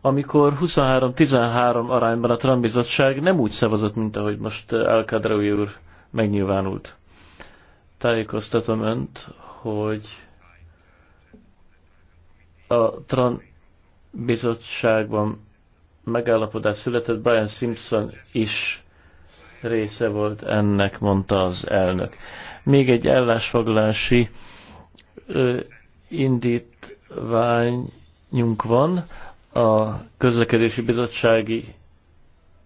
amikor 23-13 arányban a Trump bizottság nem úgy szavazott, mint ahogy most el eh, kadraui úr megnyilvánult. Tájékoztatom önt, hogy a Trump bizottságban megállapodás született, Brian Simpson is része volt ennek, mondta az elnök. Még egy ellásfoglási eh, indítványunk van, a közlekedési bizottsági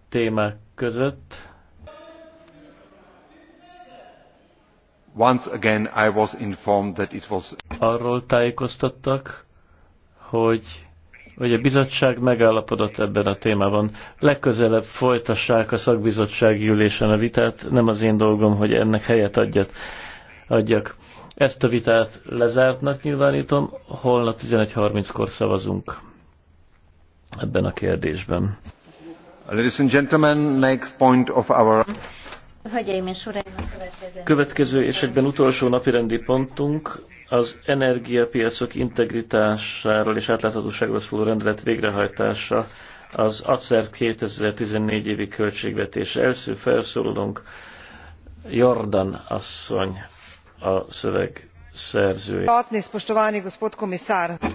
témák között. Once again I was informed that it was... Arról tájékoztattak, hogy, hogy a bizottság megállapodott ebben a témában. Legközelebb folytassák a szakbizottsági ülésen a vitát, nem az én dolgom, hogy ennek helyet adjat, adjak. Ezt a vitát lezártnak nyilvánítom, holnap 11.30-kor szavazunk ebben a kérdésben. Ladies and gentlemen, next point of our... következő. és egyben utolsó napirendi pontunk az energiapiacok integritásáról és átláthatóságról szóló rendelet végrehajtása az ACER 2014 évi költségvetés. Első felszólalunk Jordan asszony a szöveg szerzője.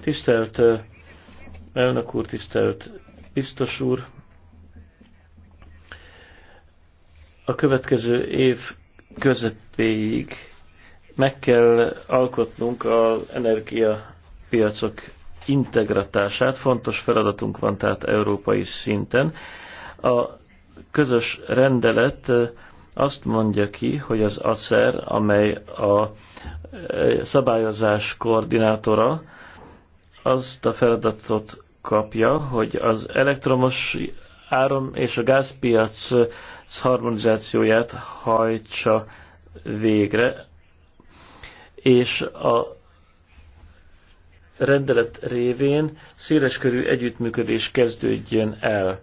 Tisztelt elnök úr, tisztelt biztos úr! A következő év közepéig meg kell alkotnunk az energiapiacok integratását. Fontos feladatunk van tehát európai szinten. A közös rendelet azt mondja ki, hogy az ACER, amely a eh, szabályozás koordinátora, azt a feladatot kapja, hogy az elektromos áram és a gázpiac harmonizációját hajtsa végre, és a rendelet révén széleskörű együttműködés kezdődjön el.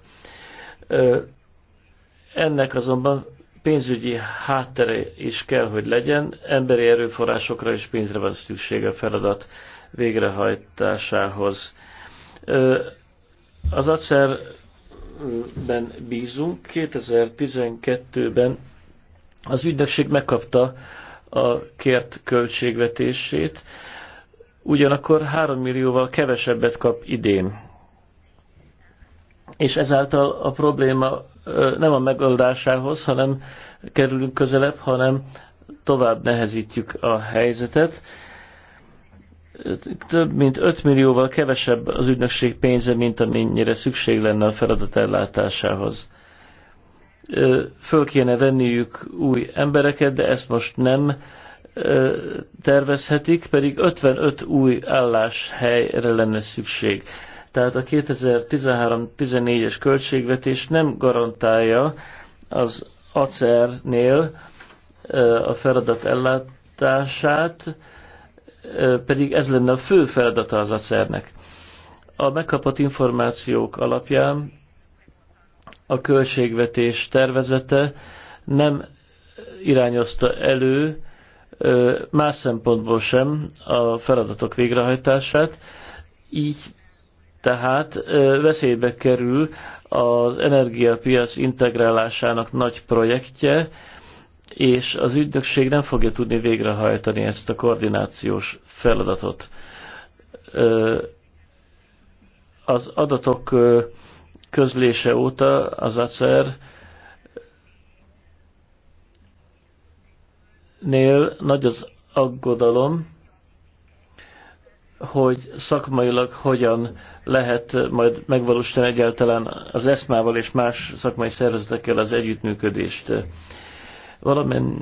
Ennek azonban pénzügyi háttere is kell, hogy legyen, emberi erőforrásokra és pénzre van szüksége a feladat végrehajtásához. Az acerben bízunk, 2012-ben az ügynökség megkapta a kért költségvetését, ugyanakkor 3 millióval kevesebbet kap idén. És ezáltal a probléma nem a megoldásához, hanem kerülünk közelebb, hanem tovább nehezítjük a helyzetet. Több mint 5 millióval kevesebb az ügynökség pénze, mint amennyire szükség lenne a feladat ellátásához. Föl kéne venniük új embereket, de ezt most nem tervezhetik, pedig 55 új álláshelyre lenne szükség. Tehát a 2013-14-es költségvetés nem garantálja az ACER-nél a feladat ellátását, pedig ez lenne a fő feladata az ACER-nek. A megkapott információk alapján a költségvetés tervezete nem irányozta elő más szempontból sem a feladatok végrehajtását, így tehát veszélybe kerül az energiapiac integrálásának nagy projektje, és az ügynökség nem fogja tudni végrehajtani ezt a koordinációs feladatot. Az adatok közlése óta az ACER nél nagy az aggodalom, hogy szakmailag hogyan lehet majd megvalósítani egyáltalán az eszmával és más szakmai szervezetekkel az együttműködést. Valamennyi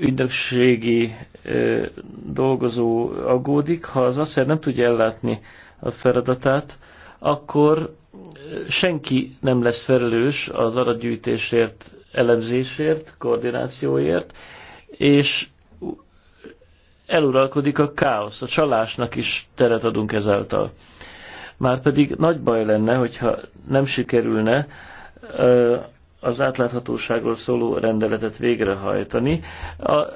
ügynökségi dolgozó aggódik, ha az asszer nem tudja ellátni a feladatát, akkor senki nem lesz felelős az aratgyűjtésért, elemzésért, koordinációért, és eluralkodik a káosz, a csalásnak is teret adunk ezáltal. Márpedig nagy baj lenne, hogyha nem sikerülne az átláthatóságról szóló rendeletet végrehajtani,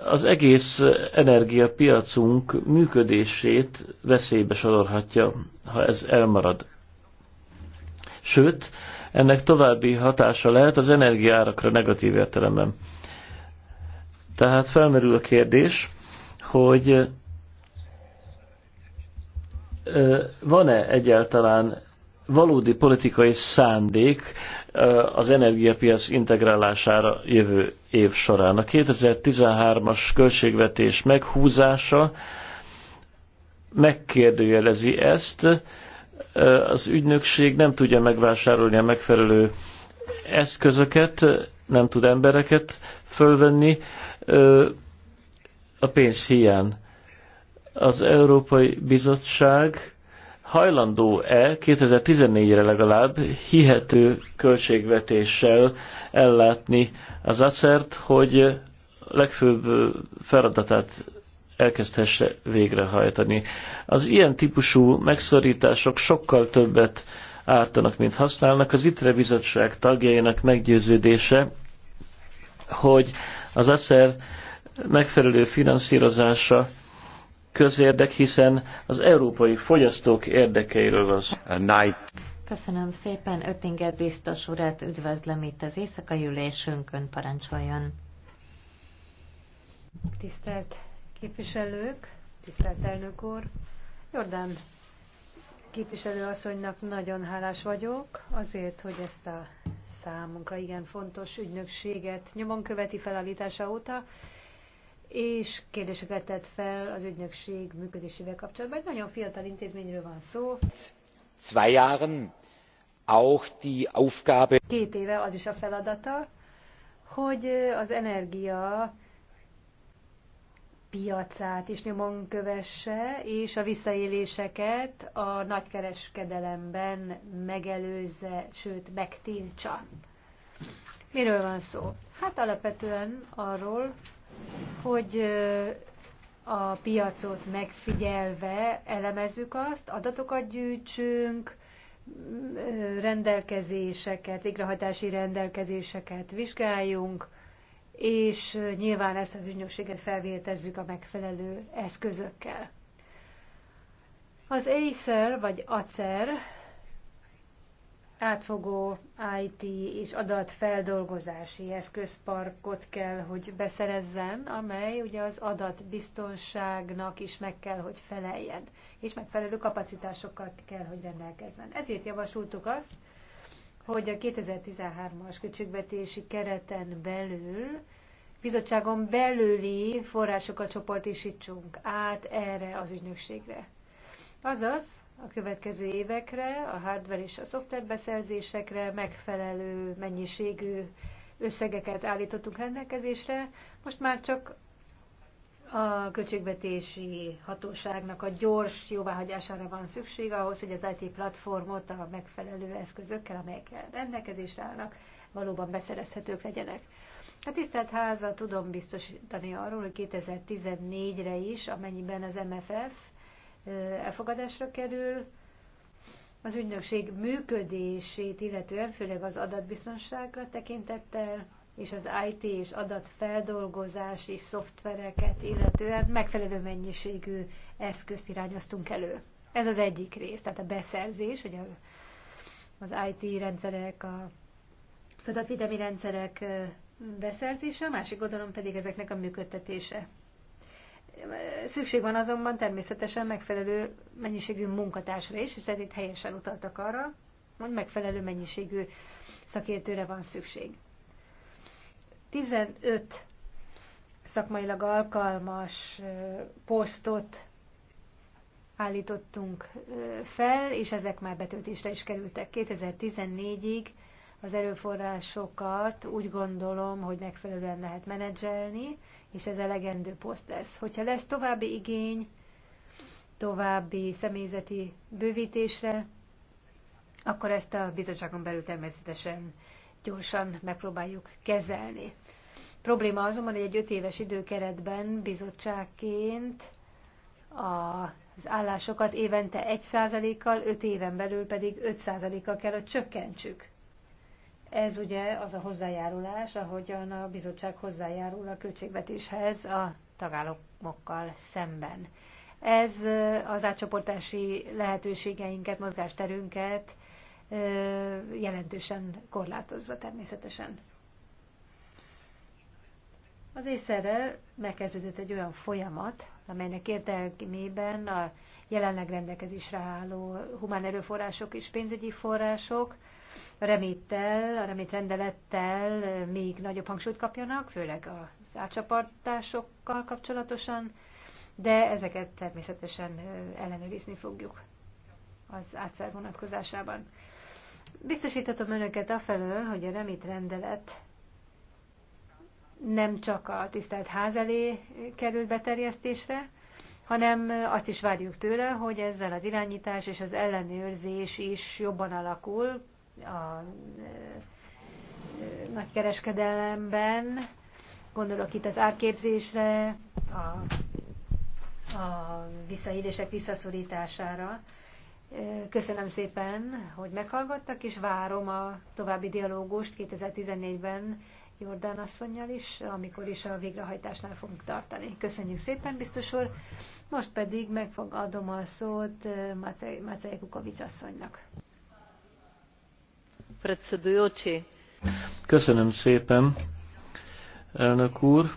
az egész energiapiacunk működését veszélybe sorolhatja, ha ez elmarad. Sőt, ennek további hatása lehet az energiárakra negatív értelemben. Tehát felmerül a kérdés, hogy van-e egyáltalán valódi politikai szándék az energiapiac integrálására jövő év során. A 2013-as költségvetés meghúzása megkérdőjelezi ezt, az ügynökség nem tudja megvásárolni a megfelelő eszközöket, nem tud embereket fölvenni, a pénz hiány. Az Európai Bizottság hajlandó-e 2014-re legalább hihető költségvetéssel ellátni az acert, hogy legfőbb feladatát elkezdhesse végrehajtani. Az ilyen típusú megszorítások sokkal többet ártanak, mint használnak. Az ITRE bizottság tagjainak meggyőződése, hogy az ASZER megfelelő finanszírozása közérdek, hiszen az európai fogyasztók érdekeiről van szó. Köszönöm szépen, Öttinger biztos urat üdvözlöm itt az éjszakai ülésünkön, parancsoljon. Tisztelt képviselők, tisztelt elnök úr, Jordán képviselőasszonynak nagyon hálás vagyok azért, hogy ezt a számunkra igen fontos ügynökséget nyomon követi felállítása óta, és kérdéseket tett fel az ügynökség működésével kapcsolatban. Egy nagyon fiatal intézményről van szó. Zwei Jahren auch die Aufgabe. Két éve az is a feladata, hogy az energia piacát is nyomon kövesse, és a visszaéléseket a nagykereskedelemben megelőzze, sőt megtiltsa. Miről van szó? Hát alapvetően arról, hogy a piacot megfigyelve elemezzük azt, adatokat gyűjtsünk, rendelkezéseket, végrehajtási rendelkezéseket vizsgáljunk, és nyilván ezt az ügynökséget felvértezzük a megfelelő eszközökkel. Az ACER vagy ACER átfogó IT és adatfeldolgozási eszközparkot kell, hogy beszerezzen, amely ugye az adatbiztonságnak is meg kell, hogy feleljen, és megfelelő kapacitásokkal kell, hogy rendelkezzen. Ezért javasoltuk azt, hogy a 2013-as költségvetési kereten belül bizottságon belüli forrásokat csoportisítsunk át erre az ügynökségre. Azaz, a következő évekre, a hardware és a szoftver beszerzésekre megfelelő mennyiségű összegeket állítottunk rendelkezésre. Most már csak a költségvetési hatóságnak a gyors jóváhagyására van szükség ahhoz, hogy az IT platformot a megfelelő eszközökkel, amelyek rendelkezésre állnak, valóban beszerezhetők legyenek. A tisztelt háza tudom biztosítani arról, hogy 2014-re is, amennyiben az MFF elfogadásra kerül. Az ügynökség működését, illetően főleg az adatbiztonságra tekintettel, és az IT és adatfeldolgozási szoftvereket, illetően megfelelő mennyiségű eszközt irányoztunk elő. Ez az egyik rész, tehát a beszerzés, hogy az, az IT rendszerek, a, az adatvédelmi rendszerek beszerzése, a másik oldalon pedig ezeknek a működtetése. Szükség van azonban természetesen megfelelő mennyiségű munkatársra is, és ezért helyesen utaltak arra, hogy megfelelő mennyiségű szakértőre van szükség. 15 szakmailag alkalmas posztot állítottunk fel, és ezek már betöltésre is kerültek. 2014-ig az erőforrásokat úgy gondolom, hogy megfelelően lehet menedzselni, és ez elegendő poszt lesz. Hogyha lesz további igény, további személyzeti bővítésre, akkor ezt a bizottságon belül természetesen gyorsan megpróbáljuk kezelni. Probléma azonban, hogy egy öt éves időkeretben bizottságként az állásokat évente 1%-kal, 5 éven belül pedig 5%-kal kell, hogy csökkentsük. Ez ugye az a hozzájárulás, ahogyan a bizottság hozzájárul a költségvetéshez a tagállamokkal szemben. Ez az átcsoportási lehetőségeinket, mozgásterünket jelentősen korlátozza természetesen. Az észerrel megkezdődött egy olyan folyamat, amelynek értelmében a jelenleg rendelkezésre álló humán erőforrások és pénzügyi források, reméttel, a remét rendelettel még nagyobb hangsúlyt kapjanak, főleg az átcsapartásokkal kapcsolatosan, de ezeket természetesen ellenőrizni fogjuk az átszer vonatkozásában. Biztosítatom önöket afelől, hogy a remit rendelet nem csak a tisztelt ház elé került beterjesztésre, hanem azt is várjuk tőle, hogy ezzel az irányítás és az ellenőrzés is jobban alakul, a nagykereskedelemben, gondolok itt az árképzésre, a, a visszaélések visszaszorítására. Köszönöm szépen, hogy meghallgattak, és várom a további dialógust 2014-ben Jordán asszonynal is, amikor is a végrehajtásnál fogunk tartani. Köszönjük szépen, biztos úr. Most pedig meg fog adom a szót Macei Kukovics asszonynak. Köszönöm szépen, elnök úr,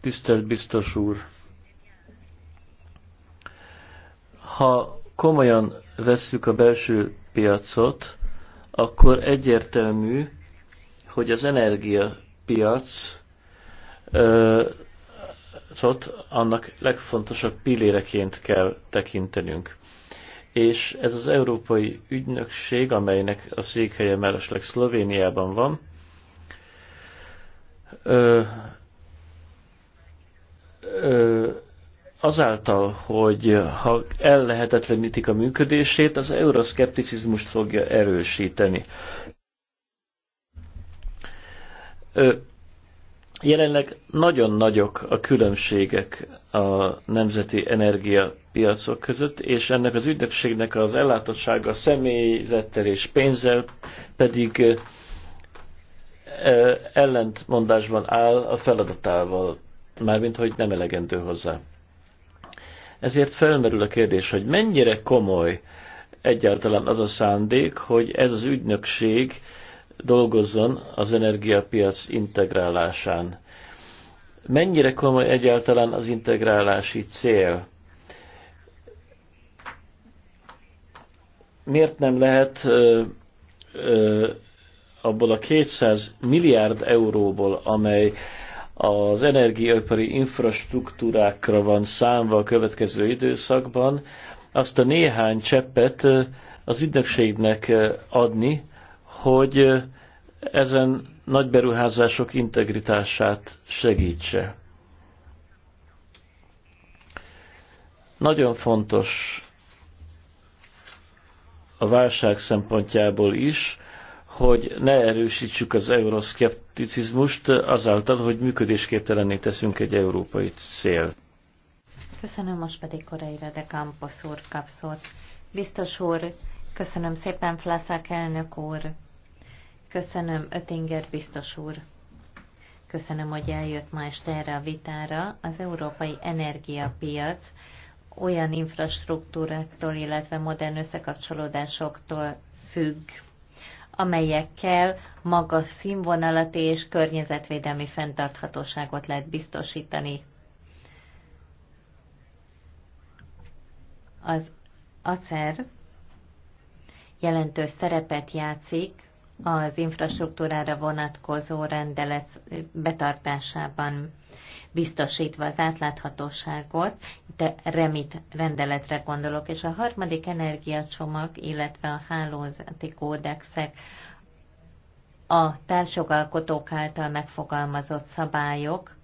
tisztelt biztos úr. Ha komolyan vesszük a belső piacot, akkor egyértelmű, hogy az energiapiac annak legfontosabb pilléreként kell tekintenünk és ez az Európai Ügynökség, amelynek a székhelye mellesleg Szlovéniában van, ö, ö, azáltal, hogy ha ellehetetlenítik a működését, az euroszkepticizmust fogja erősíteni. Ö, Jelenleg nagyon nagyok a különbségek a nemzeti energiapiacok között, és ennek az ügynökségnek az ellátottsága személyzettel és pénzzel pedig ellentmondásban áll a feladatával, mármint hogy nem elegendő hozzá. Ezért felmerül a kérdés, hogy mennyire komoly egyáltalán az a szándék, hogy ez az ügynökség dolgozzon az energiapiac integrálásán. Mennyire komoly egyáltalán az integrálási cél? Miért nem lehet ö, ö, abból a 200 milliárd euróból, amely az energiaipari infrastruktúrákra van számva a következő időszakban, azt a néhány cseppet az ügynökségnek adni, hogy ezen nagy beruházások integritását segítse. Nagyon fontos a válság szempontjából is, hogy ne erősítsük az euroszkepticizmust azáltal, hogy működésképtelenné teszünk egy európai cél. Köszönöm, most pedig Koreira de Campos úr kapszót. Biztos úr, köszönöm szépen, Flaszák elnök úr. Köszönöm, Ötinger biztos úr. Köszönöm, hogy eljött ma este erre a vitára. Az európai energiapiac olyan infrastruktúráktól, illetve modern összekapcsolódásoktól függ, amelyekkel maga színvonalat és környezetvédelmi fenntarthatóságot lehet biztosítani. Az ACER jelentős szerepet játszik az infrastruktúrára vonatkozó rendelet betartásában biztosítva az átláthatóságot, de remit rendeletre gondolok, és a harmadik energiacsomag, illetve a hálózati kódexek a társjogalkotók által megfogalmazott szabályok,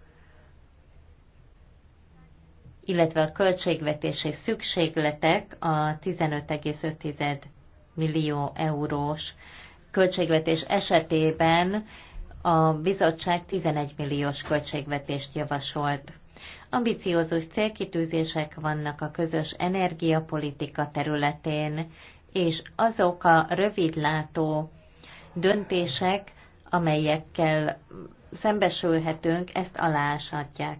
illetve a költségvetési szükségletek a 15,5 millió eurós költségvetés esetében a bizottság 11 milliós költségvetést javasolt. Ambiciózus célkitűzések vannak a közös energiapolitika területén, és azok a rövidlátó döntések, amelyekkel szembesülhetünk, ezt aláshatják.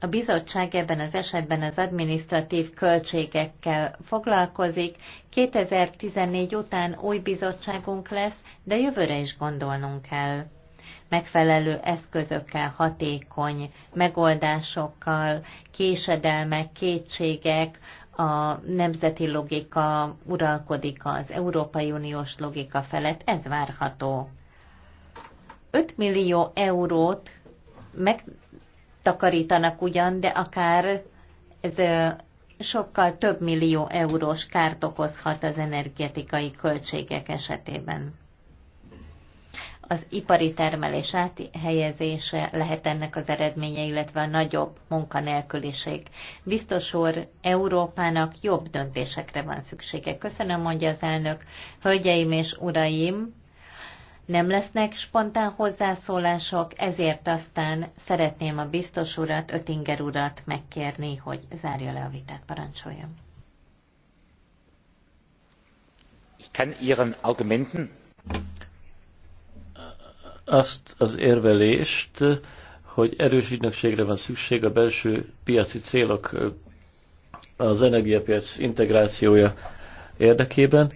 A bizottság ebben az esetben az adminisztratív költségekkel foglalkozik. 2014 után új bizottságunk lesz, de jövőre is gondolnunk kell. Megfelelő eszközökkel, hatékony megoldásokkal, késedelmek, kétségek, a nemzeti logika uralkodik az Európai Uniós logika felett, ez várható. 5 millió eurót meg takarítanak ugyan, de akár ez sokkal több millió eurós kárt okozhat az energetikai költségek esetében. Az ipari termelés áthelyezése lehet ennek az eredménye, illetve a nagyobb munkanélküliség. Biztos úr, Európának jobb döntésekre van szüksége. Köszönöm, mondja az elnök. Hölgyeim és uraim, nem lesznek spontán hozzászólások, ezért aztán szeretném a biztos urat, Ötinger urat megkérni, hogy zárja le a vitát, parancsoljon. Ich kann Ihren Argumenten azt az érvelést, hogy erős ügynökségre van szükség a belső piaci célok az energiapiac integrációja érdekében.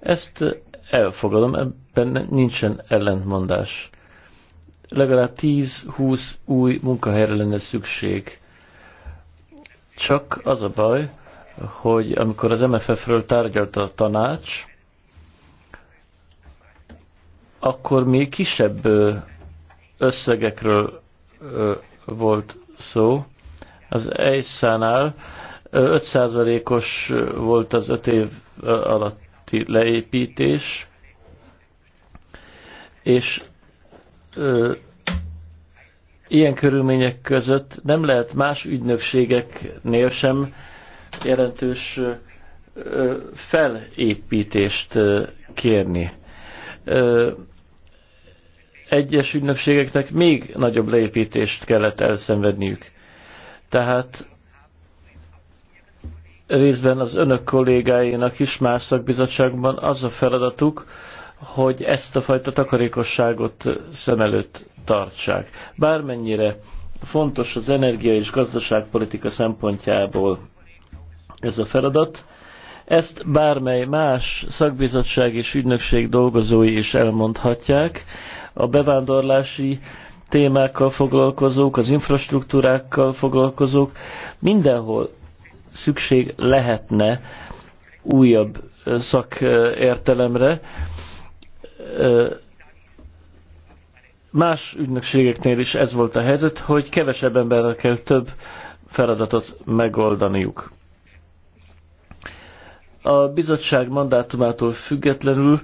Ezt elfogadom, ebben nincsen ellentmondás. Legalább 10-20 új munkahelyre lenne szükség. Csak az a baj, hogy amikor az MFF-ről tárgyalt a tanács, akkor még kisebb összegekről volt szó. Az EISZ-nál 5%-os volt az 5 év alatt közötti leépítés, és ö, ilyen körülmények között nem lehet más ügynökségeknél sem jelentős ö, felépítést ö, kérni. Ö, egyes ügynökségeknek még nagyobb leépítést kellett elszenvedniük. Tehát részben az önök kollégáinak is más szakbizottságban az a feladatuk, hogy ezt a fajta takarékosságot szem előtt tartsák. Bármennyire fontos az energia és gazdaságpolitika szempontjából ez a feladat, ezt bármely más szakbizottság és ügynökség dolgozói is elmondhatják. A bevándorlási témákkal foglalkozók, az infrastruktúrákkal foglalkozók mindenhol szükség lehetne újabb szakértelemre. Más ügynökségeknél is ez volt a helyzet, hogy kevesebb emberrel kell több feladatot megoldaniuk. A bizottság mandátumától függetlenül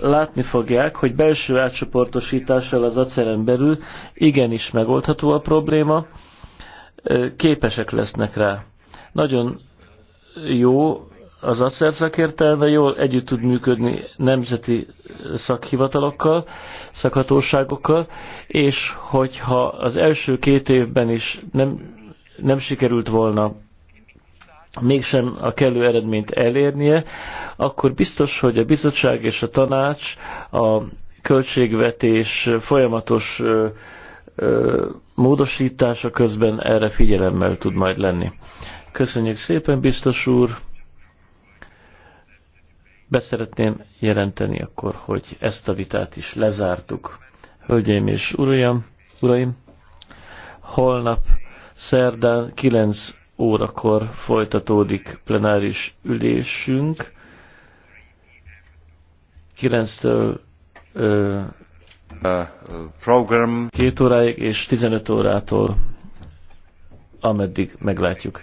látni fogják, hogy belső átcsoportosítással az aceren belül igenis megoldható a probléma, képesek lesznek rá. Nagyon jó az ACER szakértelme, jól együtt tud működni nemzeti szakhivatalokkal, szakhatóságokkal, és hogyha az első két évben is nem, nem sikerült volna mégsem a kellő eredményt elérnie, akkor biztos, hogy a bizottság és a tanács a költségvetés folyamatos ö, ö, módosítása közben erre figyelemmel tud majd lenni. Köszönjük szépen, biztos úr! Beszeretném jelenteni akkor, hogy ezt a vitát is lezártuk. Hölgyeim és uraim, uraim holnap szerdán 9 órakor folytatódik plenáris ülésünk. 9-től uh, program. 2 óráig és 15 órától ameddig meglátjuk.